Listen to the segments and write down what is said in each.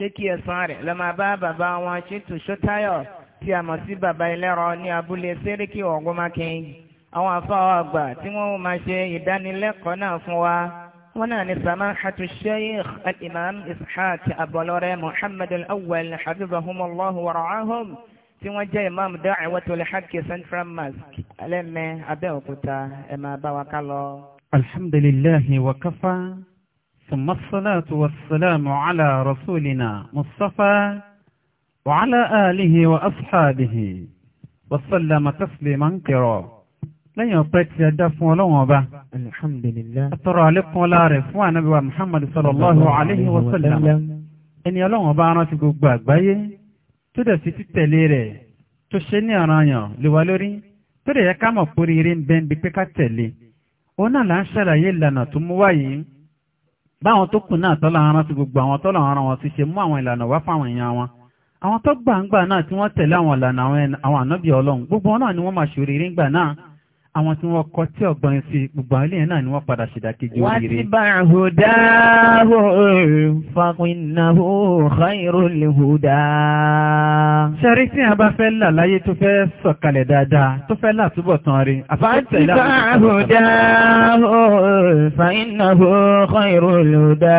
pé kí ẹ̀san rẹ̀ lọ máa bá bàbá wọn Chintu Ṣótáyọ̀ tí a mọ̀ sí bàbá ẹlẹ́rọ ní abúlé Séríkì Ọ̀gọ́mákin àwọn afáwọ̀ àgbà tí wọ́n máa ṣe ìdánilẹ́kọ̀ọ́ náà fún wa wọ́n náà ní samahatu sheikh al-imam ishaq abọlọ́rẹ́ muhammad al-awwal habibahumallahu warahum tí wọ́n jẹ́ imam da'watul haqq central mosque alẹ́mẹ́ abẹ́òkúta ẹ̀ máa bá wa ká lọ. alhamdulillahi wa kafa. ثم الصلاة والسلام على رسولنا مصطفى وعلى آله وأصحابه وسلم تسليما كثيرا لن يطيق يدف ولو با الحمد لله أترى لكم لا رفوان نبي محمد صلى الله عليه وسلم إن يلوم بانا تقوك باك باي تدسي تتليري تشيني أرانيا لوالوري تري يكام أبوريرين بين بكتلي ona la ń ṣàlàyé ìlànà tó mú wáyìí báwọn tó kù náà tọ́lá ara sí gbogbo àwọn tọ́lá ara wọn ti ṣe mú àwọn ìlànà wá fáwọn èèyàn wọn àwọn tó gbàǹgbà náà tí wọ́n tẹ̀lé àwọn ìlànà àwọn ànábì ọlọ́run gbogbo wọn náà ni wọ́n máa ṣòrí rí náà àwọn tí wọ́n kọ tí ọgbọ́n sí gbogbo àwọn ilé náà ni wọ́n padà ṣèdákejì oríire. wọ́n ti bá hudáhù fakunnahu khairul huda. ṣẹ́rí tí a bá fẹ́ là láyé tó fẹ́ sọ̀kalẹ̀ dáadáa tó fẹ́ là túbọ̀ tán rí. wọ́n ti bá hudáhù fakunnahu khairul huda.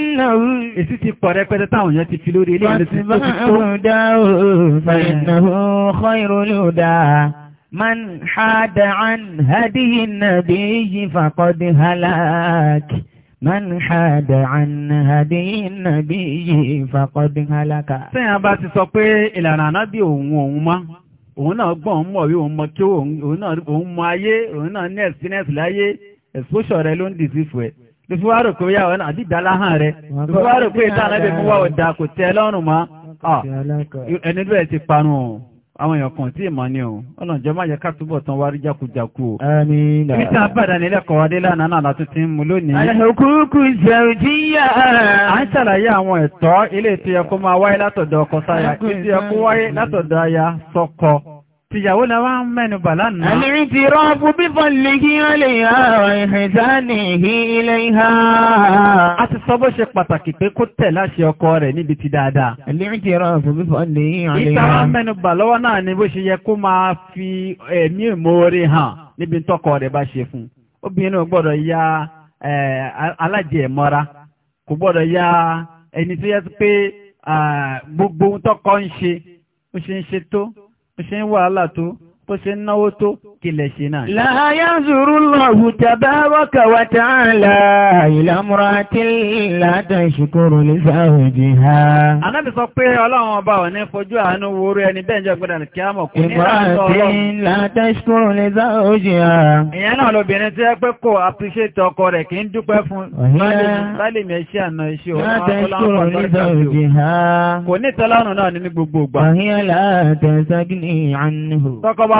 Èsì ti pọ̀ rẹpẹtẹ táwọn èèyàn ti fi lórí ilé ìlú ti tó ti tó. Fàtìbá fàìnàhù khairu lùdá. Man hada an hadiyi nabiyyi faqad halak. Man hada an hadiyi nabiyyi faqad halaka. Sẹ́yìn bá ti sọ pé ìlànà ànábì òun òun mọ́. Òun náà gbọ́n mọ̀ wí òun mọ kí òun náà òun mọ ayé òun náà ní ẹ̀sìnẹ́sì láyé ẹ̀sọ́ṣọ̀ rẹ ló ń dìsí fún ẹ̀. tó fi wá rò pé yàwó náà àdìdá láhàn rẹ̀ tó fi wá rò ko ìtàn ẹbí ma. wa ti panu àwọn èèyàn kan tí ìmọ̀ ni ọ̀ ọ̀nà ìjọba yẹ ká túbọ̀ tán o. ibi tí a bàdà nílẹ̀ kọ̀ wá dé lánàá náà ti mu lónìí. àlùkùkù zẹ̀rùjíyà. à ń ṣàlàyé àwọn ẹ̀tọ́ ilé tí máa wáyé látọ̀dọ̀ sáyà wáyé látọ̀dọ̀ Tìyàwó la wá ń mẹ́nu bà lánàá. Àlèrí ti rọ́ọ̀bù bíbọn lè kí wọ́n lè yá ìhìnsáàní ìhí ilé ìhá. A ti sọ bó ṣe pàtàkì pé kó tẹ̀ láṣẹ ọkọ rẹ̀ níbi ti dáadáa. Àlèrí ti rọ́ọ̀bù bíbọn lè yí ọ̀lẹ́ yá. Ìta mẹ́nu bà lọ́wọ́ náà ni bó ṣe yẹ kó máa fi ẹ̀mí ìmoore hàn níbi tọkọ rẹ̀ bá ṣe fún. Obìnrin náà gbọ́dọ̀ ya alájẹmọ́ra, kò gbọ́dọ̀ ṣe ń wàhálà tó bó ṣe náwó tó kílẹ̀ ṣe náà. La yanzurullahu tabaraka wa ta'ala ila imra'atin la tashkuru li zawjiha. Ànábì sọ pé ọlọ́run ọba ò ní fojú àánú worú ẹni bẹ́ẹ̀ jẹ́ gbọ́dọ̀ kí á mọ̀ kú ní láàrín ọlọ́run. La tashkuru li zawjiha. Ìyẹn náà lóbìnrin tí ẹ pé kò appreciate ọkọ rẹ̀ kì í dúpẹ́ fún lálẹ́mí ẹṣẹ́ àná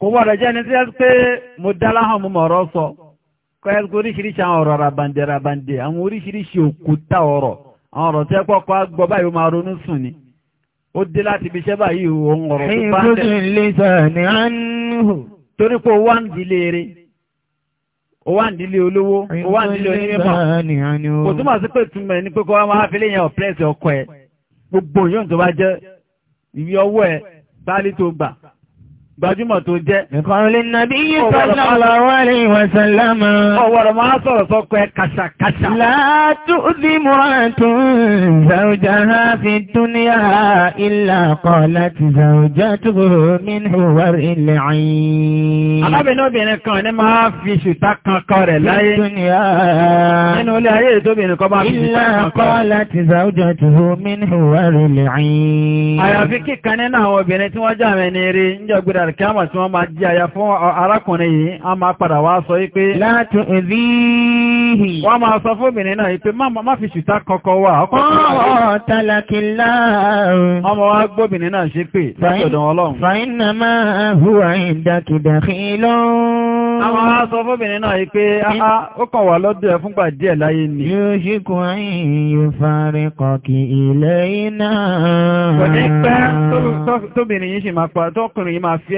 kò rẹ̀ jẹ́ ní tí pé mo ọ̀rọ̀ sọ kọ́ ẹ́ oríṣiríṣi àwọn ọ̀rọ̀ rabande rabandẹ àwọn oríṣiríṣi òkúta ọ̀rọ̀ àwọn ọ̀rọ̀ tí ẹ kọ́kọ́ gbọ́ báyìí máa ronú sùn ni ó dé láti ibi iṣẹ́ báyìí òun ọ̀rọ̀ tó bá tẹ̀. torí pé wá ń eré wá ń olówó ọkọ gbogbo yóò tó bá jẹ́ ìwé ọwọ́ gbajúmọ̀ tó jẹ́. Ìkọ̀rọ̀lẹ̀ nàbí yìí sọ́lá aláwọ̀lẹ̀ ìwọ̀sánlámà. Ọwọ́rọ̀ máa sọ̀rọ̀ sọ́kọ ẹ kàṣàkàṣà. Látúdí mọ́ràntún zàújá ha fi dúníà ilà kọ́ láti zàújá tó mínú wárí ilẹ̀ ayin. Alábìnrin obìnrin kan ní máa fi ṣùtá kan kọ rẹ̀ láyé. Nínú ilé ayé ìtóbìnrin kan bá fi ṣùtá kan kọ. Ilà kọ́ láti zàújá tó mínú wárí ilẹ̀ ayin. Àyàfi kíkan nínú àwọn obìnrin tí wọ́n jà mẹ́ni rí ń jọ gbéra alkiyama tí wọ́n máa jí aya fún arákùnrin yìí a máa padà wá sọ wípé látún ìdíhì wọ́n máa sọ fóbìnrin náà wípé má fi ṣùtá kọkọ wà ọkọ̀ Àwọn aṣọ fóbìnrin náà pé áá ah, ah, ó kàn wà lọ́dọ̀ ẹ̀ fúngbà díẹ̀ láyé ni. Yóò ṣíkú ẹ̀yìn yóò fàárí kọkì ilẹ̀ iná. Kò ní pẹ́ tóbìnrin yìí ṣì máa fi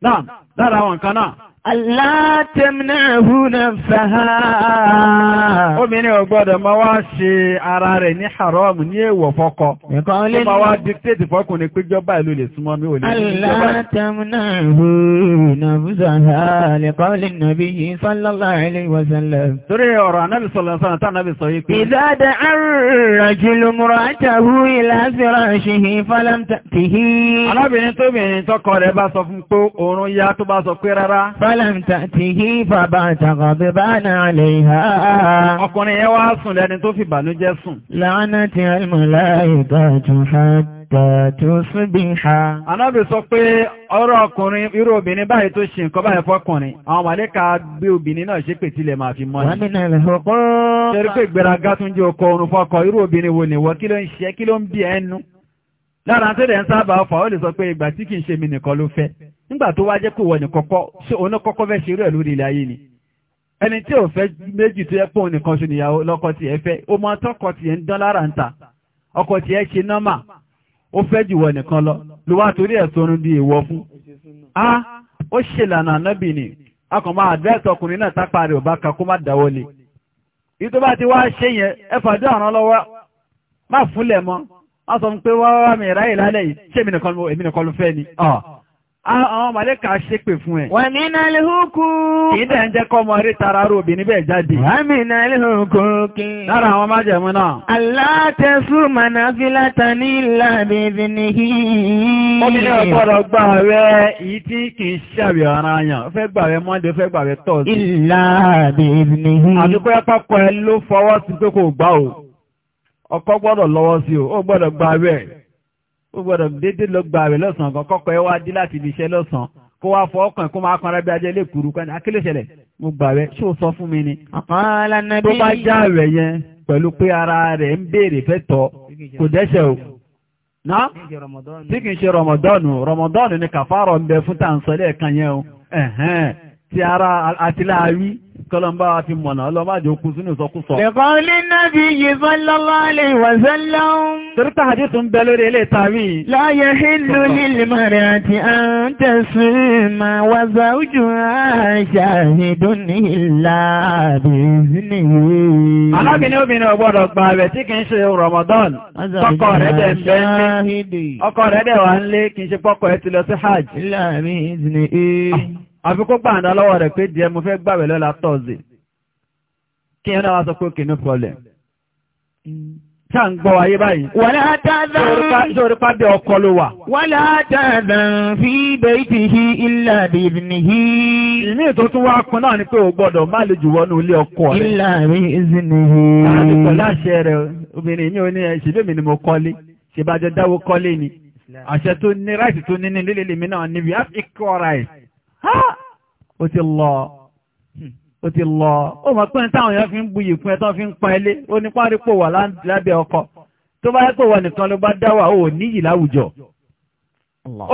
náà lára àwọn kan náà Allah tamnahu nafsaha. Obìnrin ò gbọ́dọ̀ máa wá ṣe ara rẹ̀ ní haram ní èèwọ̀ fọ́kọ. Nǹkan lè ní. Ó máa wá dictate fọ́kùnrin pé jọba ìlú lè súnmọ́ mi ò lè ní ìjọba. Allah tamnahu nafsaha li qawli nabiyyi sallallahu alayhi wa sallam. Torí ọ̀rọ̀ anábì sọ̀rọ̀ sọ̀rọ̀ tá anábì sọ yìí pé. Idha da'a ar-rajulu ولم تأته فبعتق ببان عليها ọkùnrin yẹn wá sùn lẹ́ni tó fi bànújẹ́ sùn. لعنت الملائكة حتى تصبح. Ànábì sọ pé ọ̀rọ̀ ọkùnrin irú obìnrin báyìí tó ṣe nǹkan báyìí fọ́kùnrin, àwọn màlẹ́kà gbé obìnrin náà ṣépè tilẹ̀ máa fi mọ́ ni. Wàmínà ìlẹ̀kọ́. Ṣé rí pé ìgbéraga tún jẹ́ ọkọ orun fọ́kọ irú obìnrin wo nìwọ kí ló ń ṣe kí ló ń bí ẹnu? Lára tó dẹ̀ ń sábà fà ó lè sọ pé ìgbà tí kì í ṣe mi nìkan ló fẹ́. nígbà tó wá jẹ́ pé wọ́n nìkan kọ́ ṣé òun ni ẹni tí ò fẹ́ méjì tó yẹ pé òun nìkan ṣe nìyàwó lọ́kọ tiẹ̀ fẹ́ ó mọ tọkọ tiẹ̀ ń dán lára ń ta ọkọ tiẹ̀ ṣe nọ́mà ó fẹ́ jù wọ́n nìkan lọ ló wá torí ẹ̀ sọrun di èèwọ̀ fún. a ó ṣe ànábì ni a kàn máa ọkùnrin náà tápá rẹ̀ ò bá ka kó má dáwọ́ bá ti wá àwọn màlẹ́kà ṣépè fún ẹ̀. wà nínú alìhókù. ìdẹ̀ ń jẹ́ kọ́ mọ tara rò bí jáde. wà nínú alìhókù kí. lára àwọn májẹ̀mú náà. alátẹ̀sù mànáfílátà ní ìlàbí ìbìnihì. obìnrin ọ̀gbọ́dọ̀ gbà rẹ̀ èyí tí kì í ṣàwẹ̀ ara yàn fẹ́ gbà mọ́ndé fẹ́ gbà ẹ ó gbọ́dọ̀ dédé lọ gba àwẹ̀ lọ́sàn kan kọ́kọ́ ẹ wá dé láti ibi iṣẹ́ lọ́sàn kó wá fọ ọkàn kó máa kanra bí ajẹ́ lè kúrú kan akílè ṣẹlẹ̀ mo gbà wẹ̀ ṣó sọ fún mi ni. tó bá já àwẹ̀ yẹn pẹ̀lú pé ara rẹ̀ ń béèrè fẹ́ tọ́ kò dẹ́ṣẹ̀ o. ná tí kì í ṣe rọmọdọ́nù rọmọdọ́nù ni kàfárọ̀ ń bẹ fún tàǹsọ̀lẹ̀ kan yẹn o ti ara àtìláàrí kọlọmbá àti mọ̀nà ọlọ́bàjò kú sínú ìsọkúsọ. Lẹ̀kọ́ lé náàbí yìí sallallahu alaihi wa sallam. Tẹ́rítà àjí tún bẹ lórí ilé tàbí. La yahillu lil mar'ati an tasuma wa zawjuha shahidun illa bi'iznihi. Alábìnrin obìnrin ọgbọ́dọ̀ gba rẹ̀ dẹ̀ ń ń lé. Ọkọ ń ṣe pọ́kọ̀ ẹ̀ ti lọ sí Hajj. Illa bi'iznihi. Ah àfi kó gbàǹdà lọ́wọ́ rẹ̀ pé díẹ̀ mo fẹ́ gbàwẹ̀ lọ́la tọ́ọ̀sì kí ẹ náà wá sọ pé okay no problem tá ń gbọ́ ayé báyìí. wàlá tàdán sórí pàdé ọkọ ló wà. wàlá tàdán fi baytihi illa bi'iznihi. ìní ètò tún wá kún náà ni pé o gbọ́dọ̀ má lè jù wọnú ilé ọkọ rẹ̀. illa bi'iznihi. láti ó ti lọ hmm. ó ti lọ ó mọ̀ pé táwọn èèyàn fi ń buyì fún ẹ tán fi ń pọn ẹlé ó ní párípò wà lábẹ́ ọkọ tó bá yẹ pé wà nìkan ló bá dá wà ó níyì láwùjọ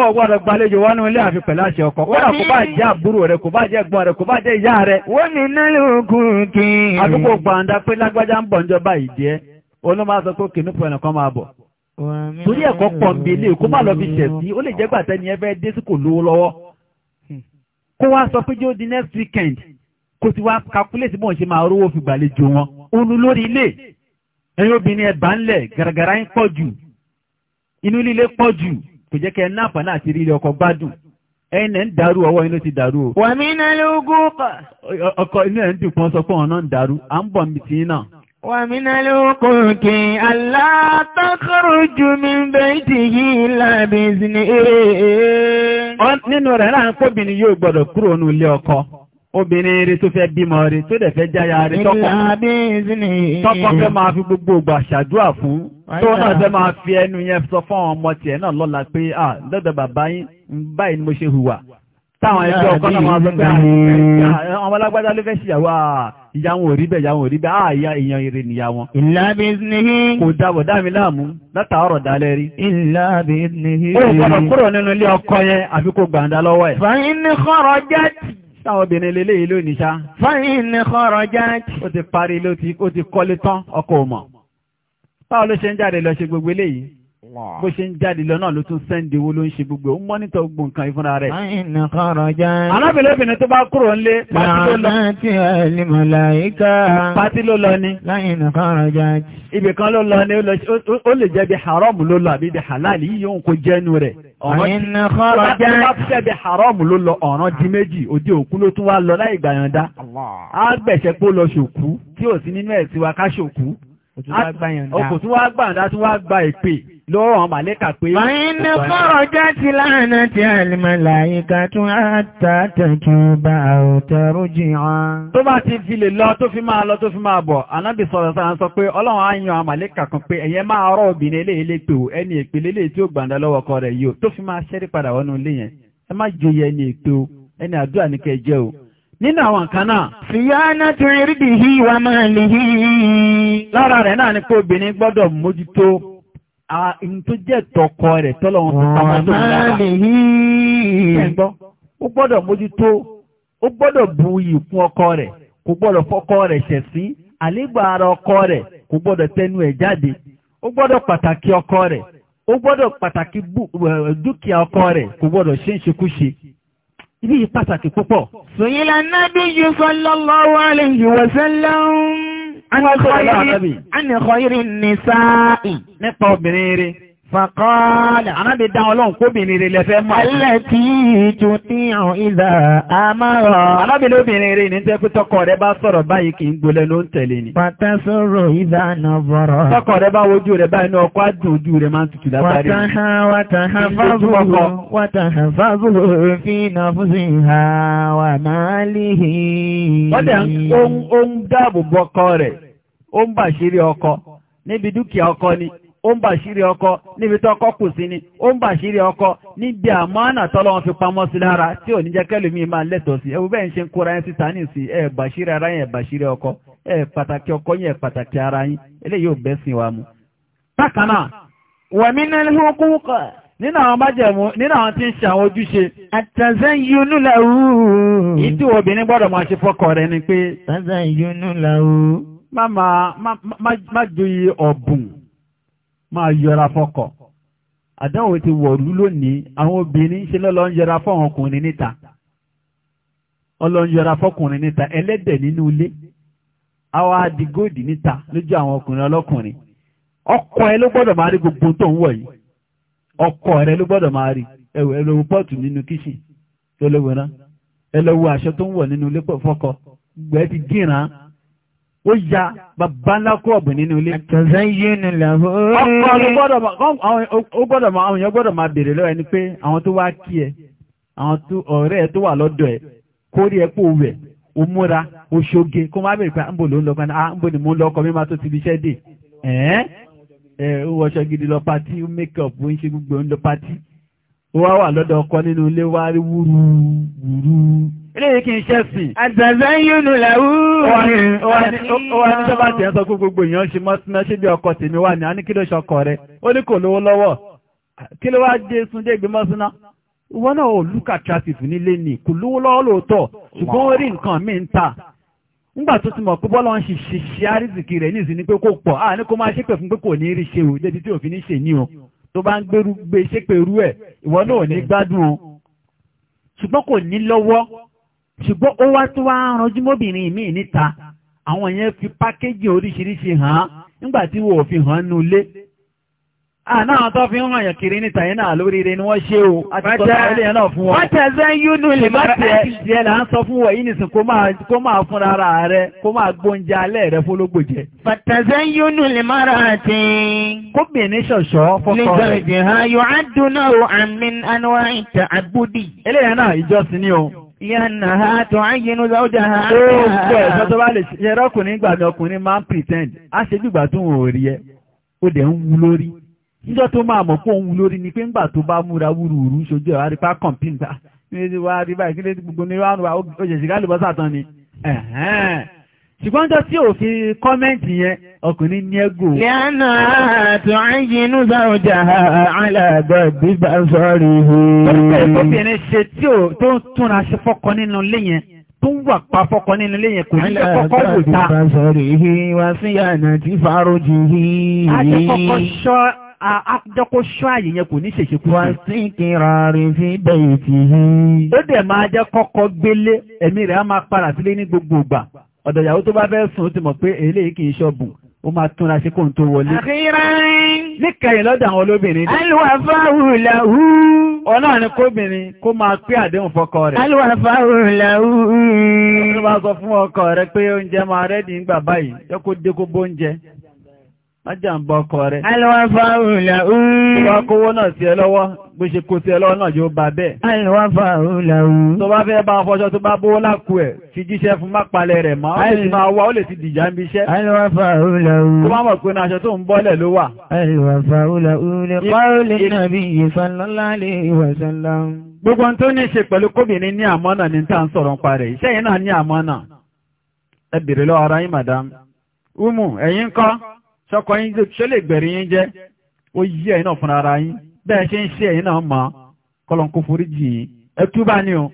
ó gbọ́dọ̀ gbàlejò wá ilé ọkọ wọ́n kò bá àbúrò rẹ, kò bá kò bá ìyá rẹ. wọ́n ní àdúgbò gbàǹda pé sọ pé kìnnú pọ̀ máa bọ̀. torí ẹ̀kọ́ pọ̀ ń bi ilé kó wá sọ pé jó di next weekend kó ti wá calculate bọ́n ṣe máa rówó fi gbàlejò wọn ònu lórí ilé ẹ̀yin obìnrin ẹ̀bà ńlẹ̀ gàràgàrà ń pọ̀ jù inú líle pọ̀ jù kò jẹ́ kẹ́ ẹ náà fàánà àti rí ilé ọkọ gbádùn ẹ̀yin ẹ̀ ń dàrú ọwọ́ inú ti dàrú o. wàmí náà ló gún pa. ọkọ inú ẹ̀ ń dùn kan sọ pé ọ̀nà ń dàrú à ń bọ̀ mí tì náà. ومن الوقوت ألا تخرج من بيته إلا بإذنه nínú rẹ̀ náà kóbìnrin yóò gbọ́dọ̀ kúrò ní ilé ọkọ obìnrin rí tó fẹ́ bímọ rí tó dẹ̀ fẹ́ jáyà rí tọ́kọ fẹ́ máa fi gbogbo ògbà ṣàdúrà fún tó náà fẹ́ máa fi ẹnu yẹn sọ fún ọmọ tiẹ̀ náà lọ́la pé à lọ́dọ̀ bàbá yín báyìí ni mo ṣe hùwà táwọn ẹgbẹ́ ọkọ náà máa sọ pé àwọn ah, eh, eh, alágbádá ló fẹ́ ṣìyàwó ìyá wọn ò rí bẹ́ẹ̀ ìyá wọn ò rí bẹ́ẹ̀ àyà èèyàn eré nìyá wọn. ìlàbí ìsìnìhí. kò dábọ̀ dámi láàmú látàárọ̀ dálẹ́ rí. ìlàbí ìsìnìhí. ó gbọ́dọ̀ kúrò nínú ilé ọkọ yẹn àfi kó gbàǹdà lọ́wọ́ ẹ̀. fàyín ní kọ́rọ̀ Táwọn obìnrin lélé ìlú ìníṣá. Fáyín ní kọ́rọ̀ jáàtì. Ó ti parí ló ti bó ṣe ń jáde lọ náà ló tún sẹ́ndì owó ló ń ṣe gbogbo ó ń mọ́nítọ̀ gbogbo nǹkan ìfúnra rẹ̀. arábìnrin tó bá kúrò ńlé pàtí ló lọ. láti ẹlẹ́mọ̀láyíká. pàtí ló lọ ni. ibìkan ló lọ ni ó lè jẹ́ bí haram ló lọ àbí bí halal yìí yóò kó jẹ́nu rẹ̀. ọ̀rọ̀ bí haram ló lọ ọ̀ràn di méjì òde òkú ló tún wá lọ láì gbàyànjá. á gbẹ̀ṣẹ̀ pé ó lọ ṣòkú tí ò sí nínú ẹ̀ tiwa ká ṣòkú. Ọkùn tí wá gbà dá tí wá gba ìpè lọ́rọ̀ àwọn màlẹ́kà pé. Wọ́n ní kọ́rọ̀ já ti láàánà tí àlìmọ̀láyíká tún àtàtàkì bá àwòtẹ́rú jì Tó bá ti fi lè lọ tó fi máa lọ tó fi máa bọ̀, ànábì sọ̀rọ̀ sọ pé ọlọ́run á yan àwọn màlẹ́kà kan pé ẹ̀yẹ máa rọ̀ nínú àwọn nǹkan náà. Fìyáná tó rídì hí wa máa lè hí. Lára rẹ̀ náà ni pé obìnrin gbọ́dọ̀ mójútó ohun tó jẹ́ tọkọ rẹ̀ tọ́lọ̀ wọn Ó gbọ́dọ̀ mójútó, ó gbọ́dọ̀ bu iyì ọkọ rẹ̀, kò gbọ́dọ̀ fọkọ rẹ̀ ṣẹ̀ sí, àlégbà ara ọkọ rẹ̀ kò gbọ́dọ̀ tẹnu ẹ̀ jáde. Ó gbọ́dọ̀ pàtàkì ọkọ Ibi yìí pàtàkì púpọ̀. Sòyìnlá Nabiyyu sallallahu alayhi wa sallam. Ànìkọ̀ ìrìn nìsáà. Nípa obìnrin rí. Fàkọ́ọ̀lẹ̀, ànábì dá ọlọ́run kóbìnrin rẹ̀ lẹ́fẹ́ mọ̀. Alẹ́ tí ìjò tí àwọn ìlà àmárọ̀. Ànábì lóbìnrin rẹ̀ ní tẹ́ pé tọkọ rẹ̀ bá sọ̀rọ̀ báyìí kì gbolẹ̀ ló ń sọ̀rọ̀ ìdáná bọ̀rọ̀. Tọkọ rẹ̀ bá wojú rẹ̀ báyìí ní ọkọ̀ àdùn ojú rẹ̀ máa ń tutù ń ọkọ ọkọ ni. ó ń bàṣírí ọkọ níbi tó ọkọ kù sí ni ó ń ọkọ níbi àmọ́nà tọ́lọ́wọ́n fi pamọ́ sí lára tí ò ní jẹ́ kẹ́lòmíì máa lẹ́tọ̀ọ́ sí ẹ̀wù bẹ́ẹ̀ ń ṣe ń kóra yẹn síta ní ìsìn ẹ̀ bàṣírí ara yẹn ọkọ ẹ̀ pàtàkì ọkọ yẹn pàtàkì ara yín eléyìí ò bẹ́sìn wa mu. bákan náà àwọn tí ń àwọn ojúṣe. àtàzán yunú làwù. ìdí obìnrin gbọ́dọ̀ máa ṣe fọ́kọ ni pé. àtàzán yunú làwù. máa yọra fọ́kọ àdáwò ti wọ̀lú lónìí àwọn obìnrin ṣe lọ́lọ́ ń yọra fọ́wọn ọkùnrin níta ọlọ́run yọra fọ́kùnrin níta ẹlẹ́dẹ̀ nínú ilé àwọn adigóòdì níta lójú àwọn ọkùnrin ọlọ́kùnrin ọkọ ẹ ló gbọ́dọ̀ máa rí gbogbo tó ń wọ̀ yìí ọkọ rẹ ló gbọ́dọ̀ máa rí ẹwẹ̀ ẹlọ́wọ́ pọ́ọ̀tù nínú kíṣìn tó lówó rán ẹlọ́wọ́ aṣọ tó ń wọ̀ nínú ilé fọ́kọ gbẹ́ ti gíràn ó ya bàbá ńlá kó ọ̀bùn nínú ilé. Àtọ̀sẹ́ yìí ni làwọ́. Ọkọ̀ ó gbọ́dọ̀ máa àwọn èèyàn gbọ́dọ̀ máa bèèrè lọ́wọ́ ẹni pé àwọn tó wá kí ẹ, àwọn ọ̀rẹ́ ẹ tó wà lọ́dọ̀ ẹ, kó rí ẹ pò wẹ̀, ó múra, ó ṣoge, kó má bèèrè pé ńbò ló ń ni mò ń gidi lọ pátí, ó mékọ̀pù, ó ń ṣe gbogbo ń lọ pátí. Ó wá wà lọ́dọ̀ ọkọ nínú ilé wá wúrú wúrú eléyìí kì í ṣẹ́ sí. àtàzà ń yún un làwú. wà ní sọ́bà tí ẹ sọ pé gbogbo èèyàn ṣe mọ́sánná ṣé bí ọkọ tèmi wà ní àní kí ló ṣọkọ rẹ ó ní kò lówó lọ́wọ́ kí ló wáá dé Túndé gbé mọ́sánná. ìwọ náà ò lùkà traffic nílé ni kò lówó lọ́wọ́ lóòótọ́ ṣùgbọ́n ó rí nǹkan mi ń ta. nígbà tó ti mọ̀ pé bọ́lá ń ṣe ṣe àrísìkì rẹ̀ níìsín ni pé kò pọ̀ à ní kó máa ṣépè fún pé kò ní rí ṣe o débi tí òfin ní ṣe ní o tó bá ń gbé ṣépè rú ẹ̀ ìwọ náà ò ní gbádùn o ṣùgbọ́n kò ní lọ́wọ́ ṣùgbọ́n ó wá tó wá ranjú mọ́bìnrin míì níta àwọn yẹn fi pákéjì oríṣiríṣi hàn án nígbà tí wò fi hàn nú ilé àná àwọn tó fi ń hàn yàn kiri níta yẹn náà lóríire ni wọ́n ṣe o àti sọ́tọ̀ ilé yẹn náà fún wọn. wọ́n tẹ̀sẹ̀ ń yún nílé mọ́ra ẹ̀. ìjẹ́ là ń sọ fún wọ̀ yìí nìsín kó máa fúnra ara rẹ kó máa gbóúnjẹ alẹ́ rẹ fólógbò jẹ. tẹ̀sẹ̀ ń yún nílé mọ́ra àti. Yẹ́nàá tó á yínú lọ́jàá. Ó gbọ́ ẹ̀sọ́ tó bá lè ṣe ẹrọ́kùnrin gbà ọkùnrin máa ń pretend. A ṣe gbígbà tó wọ̀n rí ẹ, ó dẹ̀ ń wú lórí. Níjọ́ tó máa mọ̀ wú lórí ni pé ńgbà tó bá múra ṣojú ẹ̀ gbogbo ní wá ó lè ni. ṣùgbọ́n tó tí ò fi kọ́mẹ́ǹtì yẹn ọkùnrin ní ẹgbò. lẹ́nà àtúnyínú sáwọ́jà aláàgbọ̀ bíbá sọ́rí hù. lórúkọ ìfọ́bìnrin ṣe tí ò tó ń túnra ṣe fọ́kọ nínú ilé yẹn tó ń wà pa fọ́kọ nínú ilé yẹn kò ní fẹ́ kọ́kọ́ wò ta. aláàgbọ̀ bíbá sọ́rí hì wá sí àná tí fàrójì hì. a ti kọ́kọ́ ṣọ́ àjọkó ṣọ́ àyè yẹn kò ní ṣèṣe kú. wọ́n sì kíra rí sí bẹ́ẹ̀ tì í. ó dẹ̀ máa jẹ́ kọ́kọ́ gbélé ẹ̀mí rẹ̀ á máa padà sílé ní gbogbo ìgbà ọ̀dọ̀ ìyàwó tó bá fẹ́ sùn ó ti mọ̀ pé eléyìí kì í ṣọ́bùn ó máa túnra sí kóhun tó wọlé. àkíyàn. níkẹyìn lọ́dọ̀ àwọn olóbìnrin. alùwàfà hùlàhù. ọlọ́run ni kóbìnrin kó máa pé àdéhùn fọkọ rẹ̀. alùwàfà hùlàhù. ọlọ́run bá sọ fún ọkọ rẹ̀ pé oúnjẹ máa rẹ́dì ń gbà báyìí jẹ́ kó dé kó bóúnjẹ. Májá ń bọ́ ọkọ rẹ̀. Alwafa òlà ooo. Tó bá kówó náà sí ẹ lọ́wọ́, bó ṣe kó sí ẹ lọ́wọ́ náà yóò bá bẹ́ẹ̀. Alwafa òlà ooo. Tó bá fẹ́ bá fọṣọ tó bá bówó lákú ẹ̀, fi jíṣẹ́ fún mápalẹ̀ rẹ̀ máa, ó lè ti máa wá, ó lè ti òlà ooo. Tó bá mọ̀ pé náà ní madam umu ẹ̀yin kọ́ sọ́kọ yín tó lè gbẹ̀rí yín jẹ́ ó yí ẹ̀yin náà fúnra ara yín bẹ́ẹ̀ ṣe ń ṣe ẹ̀yin náà mọ́ kọ́lọ́n kó foríjì yín ẹ túbá ni o.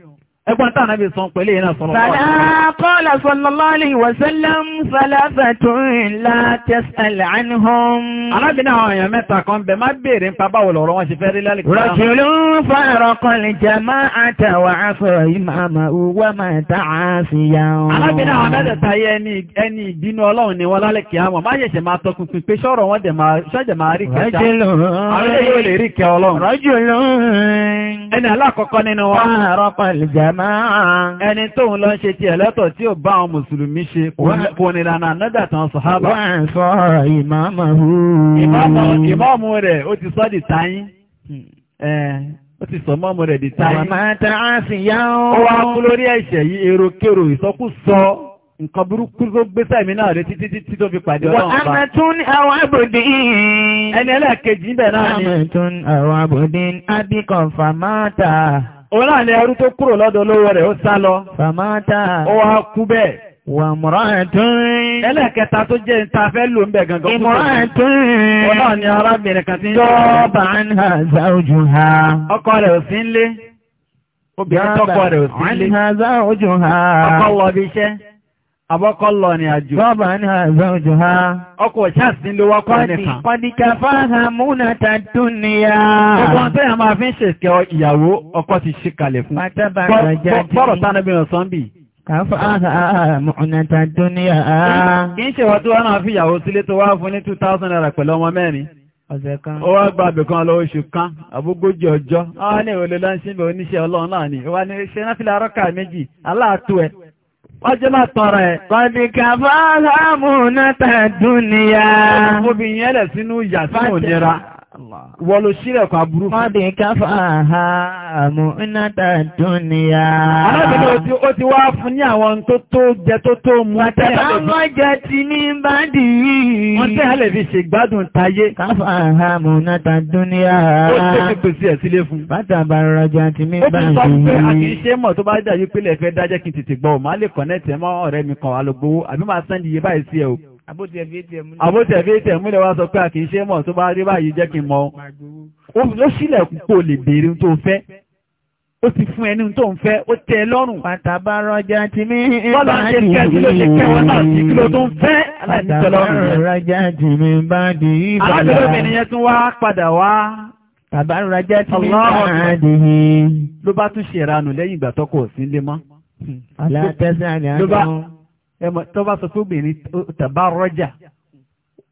Ẹgbọ́n tàà náà bí sọ pẹ̀lú ìrìnà sọ̀rọ̀ wà. Fàlá qala sallallahu alaihi wa sallam thalathatun la tas'al anhum. Alábìnrin àwọn èèyàn mẹ́ta kan bẹ̀ máa bèèrè ń báwo lọ̀rọ̀ wọn ṣe fẹ́ rí lálẹ́ kìí. Rajulun farraqa al-jama'ata wa 'asa imamahu máa tọkùnkùn pé jamaa. lọ ṣe ti lọ́tọ̀ tí ò bá àwọn mùsùlùmí ṣe kò ní lànà nọ́dà sọ̀hábà. wọ́n sọ ìmáàmù rẹ̀ ó ti sọ́ hmm. ti sọ di táyín. nǹkan burúkú tó gbé rẹ títí títí tó fi pàdé ọlọ́run bá. wọ́n á tún àwọn ẹni ẹlẹ́ẹ̀kejì náà ni. Òun náà ni ẹrú tó kúrò lọ́dọ̀ olówó rẹ̀ ó sá lọ. Fàmátà. Ó wá kú bẹ́ẹ̀. Wà mọ̀rọ̀ ẹ̀tún. Ẹlẹ́kẹta tó jẹ́ ta fẹ́ lò ń bẹ̀ gangan. Ìmọ̀rọ̀ ẹ̀tún. Òun náà ni arábìnrin kan ti ń sọ. ń ha. Ọkọ rẹ̀ ò sí ń lé. Obìnrin tọ́kọ rẹ̀ ò sí ń lé. Ọkọ wọ iṣẹ́. Abọ́kọ́lọ ni àjò. Bọ́bà ní òjò ha. Ọkọ̀ ṣáàsì ló wá kọ́ nìkan. fáhà múnà ni a. Gbogbo ọ̀tọ́ yà máa fi ń ìyàwó ọkọ ti ṣe kalẹ̀ fún. Pátábà rẹ̀ jáde. Bọ́rọ̀ fi gba àbẹ̀ kan lọ kan, ọjọ́. ní ìwòlè oníṣẹ́ ọlọ́run láàrin. Ọjọ́ máa tọrọ ẹ̀. Kọ̀dìkà fọ́lọ́mù náà tàdúnìyà. Obìnrin ẹlẹ̀ sínú ìyà sínú ìnira. Wọ́n ló ṣílẹ̀kùn aburú. Wọ́n bí káfà ha mú ináta dúnìyà. Alábìnrin ó ti wá fún ní àwọn tó tó jẹ tó tó mú. Bàtàbà mọ́ jẹ ti ní bá dì í. Wọ́n tẹ́ àlè fi ṣe gbádùn tayé. Káfà ha mú ináta dúnìyà. Ó ṣe fi pèsè ẹ̀ sílé fún. Bàtàbà rọjà ti ní bá dì í. Ó ti sọ pé àkìíṣe mọ̀ tó bá dàjú pé lè fẹ́ dájẹ́ kí n tètè gbọ́ ò má lè kọ̀nẹ́tẹ̀ mọ́ ọ̀rẹ́ mi kan àlọ́gbowó àbí máa sẹ́ndì àbótẹ̀fẹ́ tẹ̀ múlẹ̀ wá sọ pé a kìí ṣe mọ̀ tó bá rí báyìí jẹ́ kí n mọ̀ ó sílẹ̀ kó lè béèrè tó fẹ́ ó ti fún ẹni tó ń fẹ́ ó tẹ́ lọ́rùn pàtàbárọjà ti mí bọ́lá ń ṣe kẹ́ kí ló ṣe kẹwọ́n náà sí kí ló tó ń fẹ́ pàtàbárọjà ti mí bá di ìbàlá alábẹ́lómìnìyàn tún wá padà wá pàtàbárọjà ti mí bá di ló bá tún ṣèrànù lẹ́yìn ìgbà tọ́kọ̀ sí lé mọ́ alátẹ́sẹ̀ àná ẹmọ tó bá sọ pé obìnrin tàbá rọjà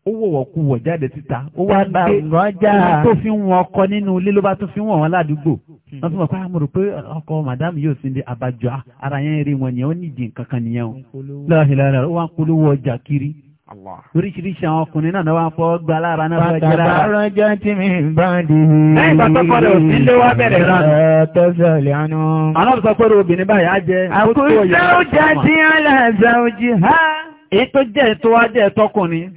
ó wọ̀wọ̀ kú wọ̀ jáde síta ó wá gbé rọjà tó fi ń wọn ọkọ nínú ilé ló bá tó fi ń wọn wọn ládùúgbò hmm. wọn fi mọ̀ pé àmọ̀ ah, pé ọkọ madam yóò sin de abajọ ah, ara yẹn rí wọn yẹn ó nídìí nǹkan kan nìyẹn o lọ́ọ̀hìn lọ́ọ̀hìn ó wá ń polówó ọjà kiri. Oríṣiríṣi àwọn ọkùnrin náà wá ń fọ́ gba lára náà fẹ́ jẹ́ lára. Bàtà rọ́jọ́ tí mi ń bá di. Lẹ́yìn ìgbà tó kọ́ rẹ̀ ò sí lé wá bẹ̀rẹ̀ rán. Tọ́sọ̀ lẹ́nu. Àwọn ọ̀sán pẹ̀lú obìnrin báyìí á jẹ. Àkóso ọjà tí wọ́n là zà ojì ha. Èyí tó jẹ́ tó wá jẹ́ tọkùnrin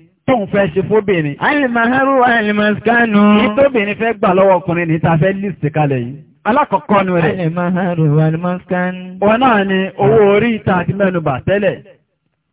tó ń Alákọ̀ọ́kọ́ nu rẹ̀. Àlìmáhárù àlìmáṣkánù. Wọ́n náà ni owó orí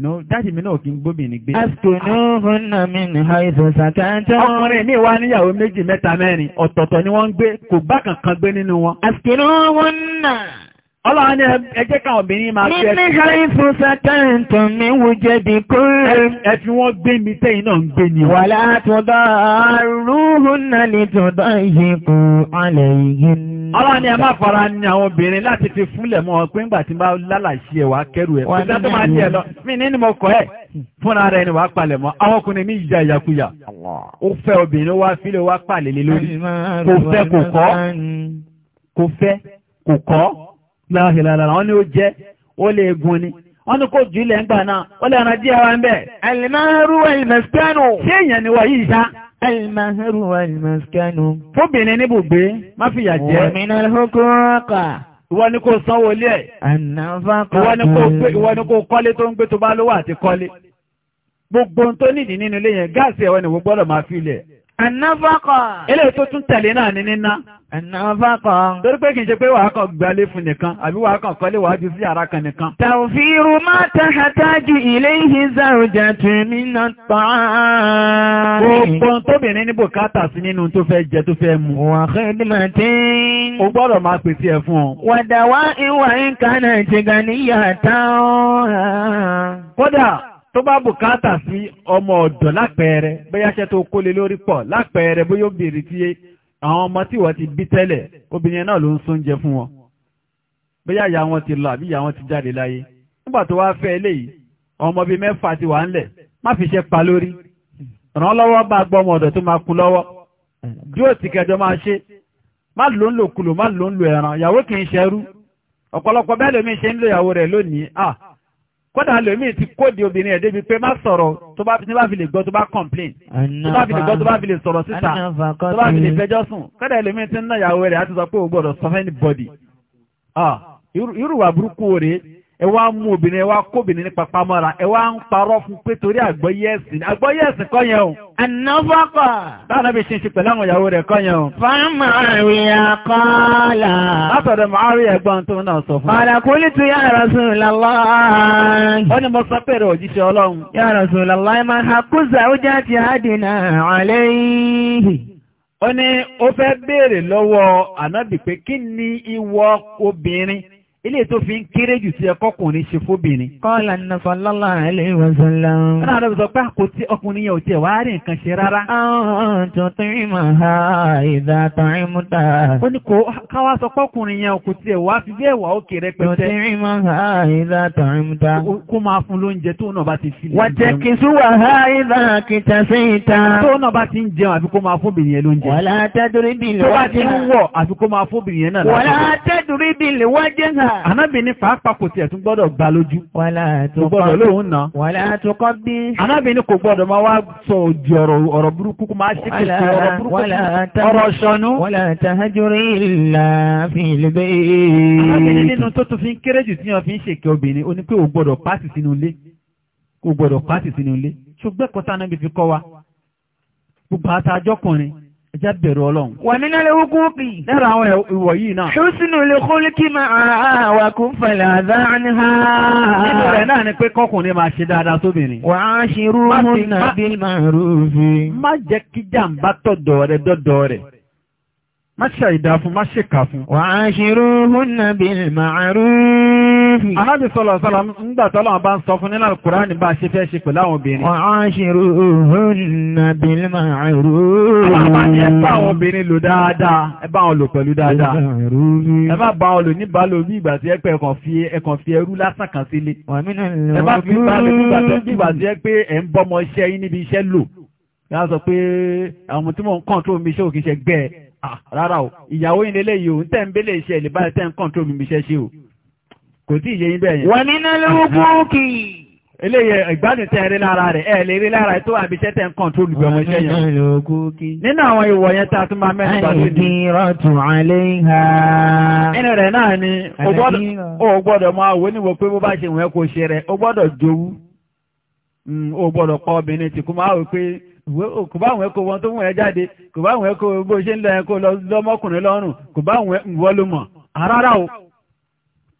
You ìnáwó that mi náà kí n gbóbìnrin gbé. Askinuhunna min haythu sakantum. Ọkùnrin mi wá níyàwó méjì mẹ́ta mẹ́rin ọ̀tọ̀ọ̀tọ̀ ni wọ́n ń gbé kò bá kankan gbé nínú wọn. Askinuhunna. Ọlọ́run ní ẹjẹ́ káwọn obìnrin máa fẹ́. Mímí ṣáyí fún sátẹ́ǹtàn mi wù jẹ́ di kó. Ẹ wọ́n gbé mi tẹ́yìn náà ń gbé ni. Wà látọ̀dọ̀ rúhùn náà lè tọ̀dọ̀ yìí alẹ́ yìí. Ọlọ́run ní ẹ má fara ní àwọn obìnrin láti fi fúnlẹ̀ mọ́ pé ńgbà tí bá lálàṣẹ ẹ̀. Wà látọ̀ mo kọ́ ẹ̀ fúnra rẹ̀ ni wàá palẹ̀ mọ́. Àwọn ọkùnrin ní ìjà ìyàkuyà. Ó fẹ́ obìnrin wá fílẹ̀ wá palẹ̀ lórí. Kò fẹ́ kò kọ́. Kò fẹ́ kò kọ́ láàrínlára wọn ni ó jẹ́ ó lè gun ni wọ́n ní kò jù ilẹ̀ ń gbà náà wọ́n lè ara díẹ̀ wa ń bẹ̀. alimaharu alimaskanu. ṣé èèyàn ni wà yìí sá. alimaharu alimaskanu. fóbìnrin níbùgbé má fi yà jẹ́. wọ́n mi náà hókó ọkà. ìwọ ni kò sanwó ilé ẹ̀. ànáfàkà kan. ìwọ ni kò kọ́lé tó ń gbé tó bá lówó àti kọ́lé. gbogbo ohun tó nídìí nínú ilé yẹn gáàsì ẹ̀wọ́ ni wọ́n gbọ́dọ̀ máa fi ilẹ̀. Ànáfàkọ̀. Ilé tó tún tẹ̀lé náà ní níná. Ànáfàkọ̀. Torí pé kìí ṣe pé wàá kàn gbalé fún nìkan, àbí wàá kàn kọ́lé wàá ju sí yàrá kan nìkan. Tàwùfíìrù máa tàhátàjù ilé ìhì zàrùjà tèmi náà tán. Gbogbo tóbìnrin ní bùkátà sí nínú tó fẹ́ jẹ tó fẹ́ mu. Wà á kẹ́lí máa tẹ́. O gbọ́dọ̀ máa pèsè ẹ̀ fún ọ. Wàdà wá ìwà ìkànnà ìjẹgà níyàtà tó bá bùkátà sí ọmọ ọ̀dọ̀ lápẹẹrẹ bóyá ṣẹ́ tó kólé lórí pọ̀ lápẹẹrẹ bóyá obìnrin tí àwọn ọmọ tí wọ́n ti bí tẹ́lẹ̀ obìnrin náà ló ń sóúnjẹ fún wọn bóyá ìyá wọn ti lọ àbí ìyá wọn ti jáde láyé nígbà tó wáá fẹ́ eléyìí ọmọ bíi mẹ́fà ti wà ńlẹ̀ má fi ṣe pa lórí ràn lọ́wọ́ bá gbọ́ ọmọ ọ̀dọ̀ tó máa kú lọ́wọ́ dúró tí kẹjọ máa ṣe má ló ń lò má ló ń lò ẹran ìyàwó kì í ṣẹrú ọ̀pọ̀lọpọ̀ bẹ́ẹ̀ lómi ṣe ń lo ìyàwó rẹ̀ lónìí ah kódà lómi ti kóde obìnrin ẹ̀ débi pé má sọ̀rọ̀ tó bá fi lè gbọ́ tó bá complain tó bá fi lè gbọ́ tó bá fi lè sọ̀rọ̀ síta tó bá fi lè fẹjọ́ sùn kódà lómi ti ń náyàwó rẹ̀ àti sọ pé ò gbọ́dọ̀ sọ fẹ́ ní bọ́dì irú wà burúkú rèé Ewa wá mú obìnrin ẹ wá kóbìnrin nípa pamọ́ra ẹ ń parọ́ fún pé torí àgbọ́yé ẹ̀sìn àgbọ́yé ẹ̀sìn kọ́ yẹn o. ànáfọ́kọ̀. báwọn bí ṣinṣin pẹ̀lú àwọn ìyàwó rẹ̀ o. fáàmù látọ̀dọ̀ ẹ̀gbọ́n tó náà sọ fún. ya Rasulullah. ó ní mo sọ ya Rasulullah ẹ máa ó já ti àdínà àlẹ́ ó ní ilé tó fi ń kéré jù sí ẹkọ́kùnrin ṣe fóbìnrin. kọ́lá ní sọlọ́lá ilé ìwọ̀sọ̀lá. kọ́lá rẹ̀ sọ pé kò tí ọkùnrin yẹn ò tiẹ̀ wá rí nǹkan ṣe rárá. ó ní kò káwá sọ pọ́kùnrin yẹn kò tiẹ̀ wá fi bẹ́ẹ̀ wá òkè rẹpẹtẹ. kó máa fún lóúnjẹ tó náà bá ti fi lè jẹun. wàtẹ̀kì súwà ha ìdá kìtà sí ìta. tó náà bá ti ń jẹun àfi kó máa fóbìnrin yẹn lóúnjẹ. wàlá tẹ́dúrí bìlọ́ọ̀tì yuribil wajha. Ànábì ní fàápàá kò tiẹ̀ tún gbọ́dọ̀ gbà lójú. Wàlá tó gbọ́dọ̀ lóhùn náà. Wàlá tó kọ́ bí. Ànábì ní kò gbọ́dọ̀ máa wá sọ òdì ọ̀rọ̀ burúkú kó máa ṣe kìkì ọ̀rọ̀ burúkú ọ̀rọ̀ ṣọnú. Wàlá tahjuri illa fil bayt. Ànábì ní nínú tó tún fi ń kéré jù tí wọ́n fi ń ṣèkẹ́ obìnrin ó ní pé ò gbọ́dọ̀ pàṣì sínú ilé. Ò gbọ́dọ̀ pàṣì sínú ilé. Ṣùgbẹ́kọ̀tà náà bí fi kọ́ wa. Gbogbo àtàjọ́kùnrin ẹjá bẹ̀rù ọlọ́run. wà nínú ilé wúkú kì í. lẹ́rọ àwọn ìwọ̀ yìí náà. ṣùsùnù lè kó lókì máa wà kó fẹ̀lẹ̀ àdáni ha. nínú rẹ̀ náà ni pé kọkùnrin máa ṣe dáadáa sóbìnrin. wà á ṣe rúmù náà bí màrúfin. má jẹ́ kí jàǹbá tọ̀dọ̀ rẹ̀ dọ́dọ̀ rẹ̀. má ṣàìdá fún má ṣèkà fún. wà á ṣe rúmù náà bí màrúfin. Anábì sọ́lọ̀ sọ́lọ̀ ń gbà tọ́lọ̀ bá ń sọ fún nínú Al-Kùránì bá ṣe fẹ́ ṣe pẹ̀lú àwọn obìnrin. Wa'ashiruhunna bil ma'ruf. Àbá ni ẹ bá àwọn obìnrin lò dáadáa, ẹ bá wọn lò pẹ̀lú dáadáa. Ẹ má bá wọn lò níbàálò bí ìgbà tí ẹ pé ẹkàn fi ẹrú lásán kan sílé. Ẹ má fi bá lè nígbà tí ẹ pé ẹ ń bọ́mọ iṣẹ́ yín níbi iṣẹ́ lò. Yá sọ pé àwọn tí mò ń kàn tó mi iṣẹ́ òkè iṣẹ́ gbẹ́ ẹ̀. Rárá o, ìyàwó yín lélẹ́yìí o, ń tẹ̀ ń bẹ́lẹ̀ iṣẹ́ ìlébáyẹ̀ tẹ̀ ń kàn tó mi iṣẹ́ ṣe o. kò tí ìyẹ yín bẹ́ẹ̀ yẹn. wọ́n nínú lówó kì í. eléyẹ ìgbádùn tẹ́ rí lára rẹ̀ ẹ̀ lè rí lára tó àbí iṣẹ́ ń iṣẹ́ yẹn. nínú àwọn ìwọ̀ yẹn tá a tún máa mẹ́rin bá lónìí. àìdí rọ̀tù alẹ́ ha. inú rẹ̀ náà ni o gbọ́dọ̀ máa wo níwọ̀ pé bó bá ṣe wọ́n ṣe rẹ̀ o gbọ́dọ̀ jowú hmm, o gbọ́dọ̀ wọn tó ẹ jáde kò bá bó ṣe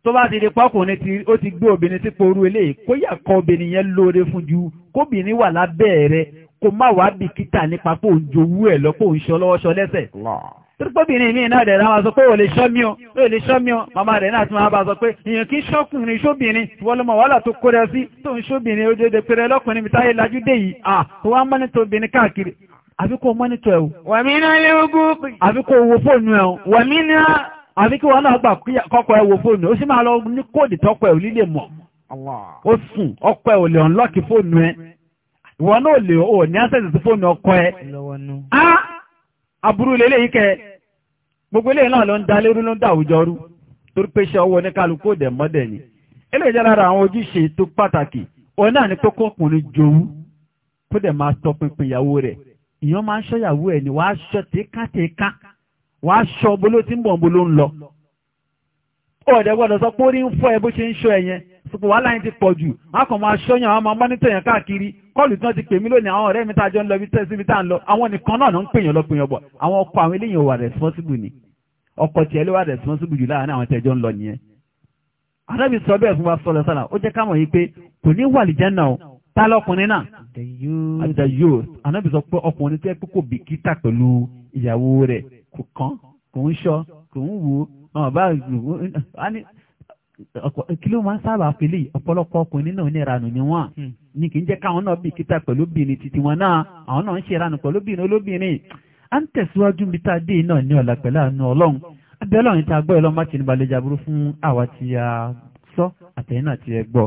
tó bá ti di pọ́kùnrin tí ó ti gbé obìnrin sí porú eléyìí kó yà kọ obìnrin yẹn lóore fún ju kóbìnrin wà lábẹ́ rẹ kó má wàá bìkítà nípa pò ń jowú ẹ̀ lọ pò ṣọ lọ́wọ́ ṣọ lẹ́sẹ̀. tírúkọ́bìnrin mi náà dẹ̀rẹ̀ àwọn sọ pé ò lè ṣọ́ mi o ò lè ṣọ́ mi o màmá rẹ̀ náà ti máa bá sọ pé èèyàn kì í ṣọ́kùnrin ṣóbìnrin ìwọlọ́mọ wàhálà tó kó rẹ sí tó ń ṣóbìnrin ojúde pé rẹ lọ́kùnrin mi táyé lajú dé yìí à tó wá mọ́nítọ̀ obìnrin káàkiri àbí kò mọ́nítọ̀ ẹ̀ o. wàmí náà lé àbí wọn wọ́n náà gbà kọ́kọ́ ẹ wo fóònù ó sì máa lọ ní kóòdì tọ́kọ̀ ẹ̀ ò mọ̀ ó sùn ọkọ̀ ẹ̀ ò lè ọ̀nlọ́ọ̀kì fóònù ẹ̀ náà lè ò ní access fóònù ọkọ̀ ẹ̀ á gbogbo eléyìí náà ló ń da lérú ló ń da àwùjọ rú torí pé iṣẹ́ ọwọ́ mọ́dẹ̀ ni eléyìí lára àwọn ojúṣe tó pàtàkì òun náà ni wọ́n á ṣọ bolo tí ń bọ̀ bolo ń lọ. ọ̀dẹ̀ gbọ́dọ̀ sọ pé ó rí ń fọ ẹ bó ṣe ń ṣọ ẹ̀yẹn sùpọ̀ wàhálà yẹn ti pọ̀ jù wọ́n á kàn máa ṣọ́yàn àwọn máa mọ́nítọ̀ yẹn káàkiri kọ́ọ̀lù tí wọ́n ti pè mí lónìí àwọn ọ̀rẹ́ mi tá a jọ ń lọ bí tẹ́sí mi tá a ń lọ àwọn nìkan náà ló ń pèyàn lọ pèyàn bọ̀ àwọn ọkọ̀ àwọn eléyìí wà responsible ni ọkọ̀ tiẹ̀ ló wà responsible jù láàárín àwọn tẹ́jọ́ ń lọ nìyẹn. arábì sọ bẹ́ẹ̀ fún wa sọ̀rọ̀ sọ̀rọ̀ ó jẹ́ káwọn yìí pé kò ní wà lìjẹ́ náà tá lọ́kùnrin náà àdàyò anábì sọ pé ọkùnrin tẹ́ pé kò bìkítà pẹ̀lú ìyàwó rẹ̀ kò kán kò ń ṣọ kò ń wò ọmọ bá kí ló máa ń sábà fìlì ọ̀pọ̀lọpọ̀ ọkùnrin náà ní ìranù ni wọ́n ní kì í jẹ́ káwọn náà bí kíta pẹ̀lú obìnrin títí wọn náà àwọn náà ń ṣe ìranù pẹ̀lú obìnrin olóbìnrin à ń tẹ̀síwájú bí tá a dé náà ní ọ̀la pẹ̀lú àánú ọlọ́run abẹ́ ọlọ́run tá gbọ́ ẹlọ́mọ àti ìnìbalẹ̀ jaburú fún àwa tí a sọ àtẹ̀yìn náà ti ẹ̀ gbọ́